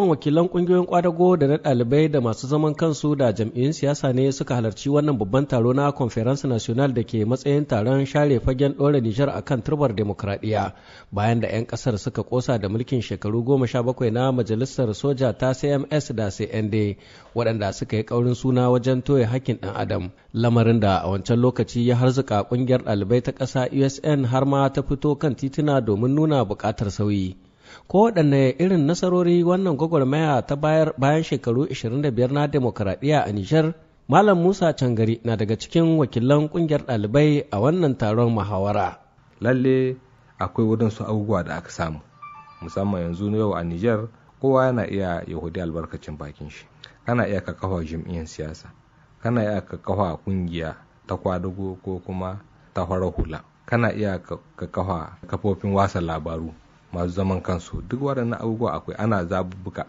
Yawan wakilan ƙungiyoyin ƙwadago da na ɗalibai da masu zaman kansu da jam'iyyun siyasa ne suka halarci wannan babban taro na Conference National da ke matsayin taron share fagen ɗora Nijar a kan turbar demokradiyya bayan da 'yan ƙasar suka ƙosa da mulkin shekaru goma sha bakwai na majalisar soja ta CMS da CND waɗanda suka yi ƙaurin suna wajen toye hakkin ɗan adam lamarin da a wancan lokaci ya harzuka ƙungiyar ɗalibai ta ƙasa USN har ma ta fito kan tituna domin nuna buƙatar sauyi. ko irin nasarori wannan gwagwarmaya ta bayar bayan shekaru 25 na demokaradiyya a Nijar Malam Musa Cangari na daga cikin wakilan ƙungiyar ɗalibai a wannan taron muhawara. Lalle akwai wadansu abubuwa da aka samu, musamman yanzu na yau a Nijar kowa yana iya Yahudi albarkacin bakin shi, kana iya ka kafa jam'iyyar siyasa, kana iya ka kafa kungiya ta kwadugo ko kuma ta hula, kana iya ka kafa kafofin wasa labaru, masu zaman kansu duk waɗannan abubuwa akwai ana zabubuka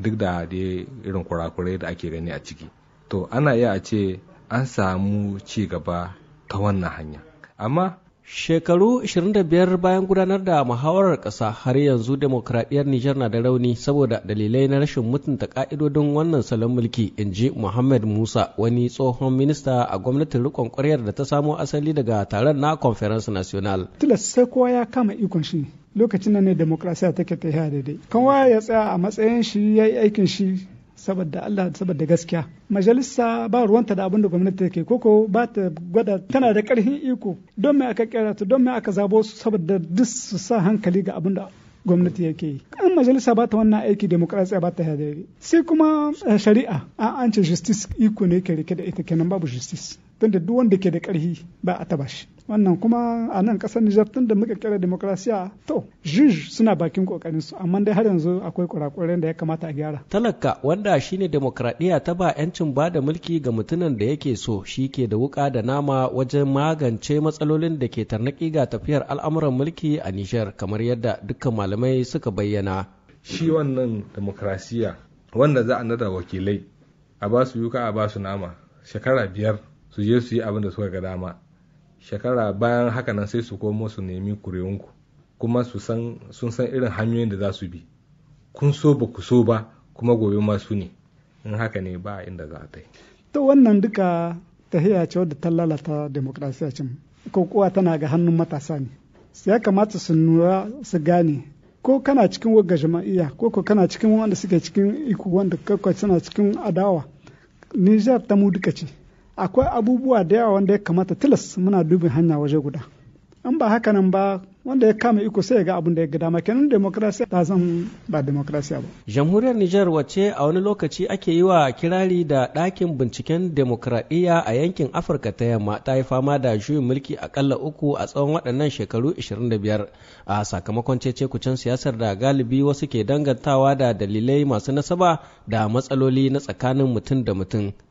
duk da dai irin kurakurai da ake gani a ciki to ana iya a ce an samu ci gaba ta wannan hanya amma Shekaru 25 bayan gudanar da muhawarar ƙasa har yanzu demokradiyyar Nijar na da rauni saboda dalilai na rashin mutunta ƙa'idodin wannan salon mulki, in ji Muhammad Musa wani tsohon minista a gwamnatin rikon ƙwaryar da ta samo asali daga taron na Conference National. Tilas sai kowa ya kama ikon shi lokacin nan ne demokrasiya take ta da dai waya ya tsaya a matsayin shi ya yi aikin shi saboda Allah saboda gaskiya majalisa ba ruwanta da abin da gwamnati take koko ba ta gwada tana da karfin iko don me aka kera ta don me aka zabo su saboda duk su sa hankali ga abin da gwamnati yake yi an majalisa ba ta wannan aiki demokrasiya ba ta hadari sai kuma eh, shari'a an ce justice iko ne ke rike da ita kenan babu justice tunda duk wanda ke da ƙarfi ba a taba shi wannan kuma a nan ƙasar Nijar tun da muka kira demokrasiya to juj suna bakin ƙoƙarin su amma dai har yanzu akwai kurakuren da ya kamata a gyara talaka wanda shine demokradiyya ta ba yancin ba da mulki ga mutumin da yake so shi ke da wuƙa da nama wajen magance matsalolin da ke tarnaki ga tafiyar al'amuran mulki a Nijar kamar yadda dukkan malamai suka bayyana shi wannan wanda za a nada wakilai a ba su yuka a ba su nama shekara biyar su je su yi abin da suka ga dama shekara bayan haka nan sai su komo su nemi kurewunku kuma su sun san irin hanyoyin da za su bi kun so ba ku so ba kuma gobe masu ne in haka ne ba inda za ta yi to wannan duka tahiya ce wadda ta lalata demokrasiya cin kokowa tana ga hannun matasa ne ya kamata su nura su gane ko kana cikin wagga jama'iyya ko ko kana cikin wanda suke cikin iko wanda kakwai suna cikin adawa nijar ta mu duka ce akwai abubuwa da yawa wanda ya kamata tilas muna dubin hanya waje guda in ba haka nan ba wanda ya kama iko sai ya ga abin da ya ga dama kenan demokrasiya ta zan ba demokrasiya ba jamhuriyar Nijar wace a wani lokaci ake yi wa kirari da ɗakin binciken demokradiyya a yankin Afirka ta yamma ta yi fama da juyin mulki akalla uku a tsawon waɗannan shekaru 25 a sakamakon cece kucin siyasar da galibi wasu ke dangantawa da dalilai masu nasaba da matsaloli na tsakanin mutum da mutum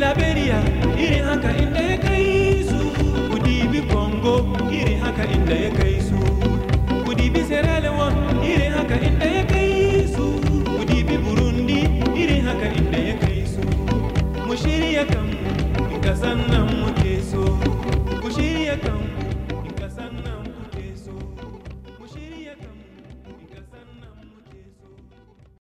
ilaberia iri haka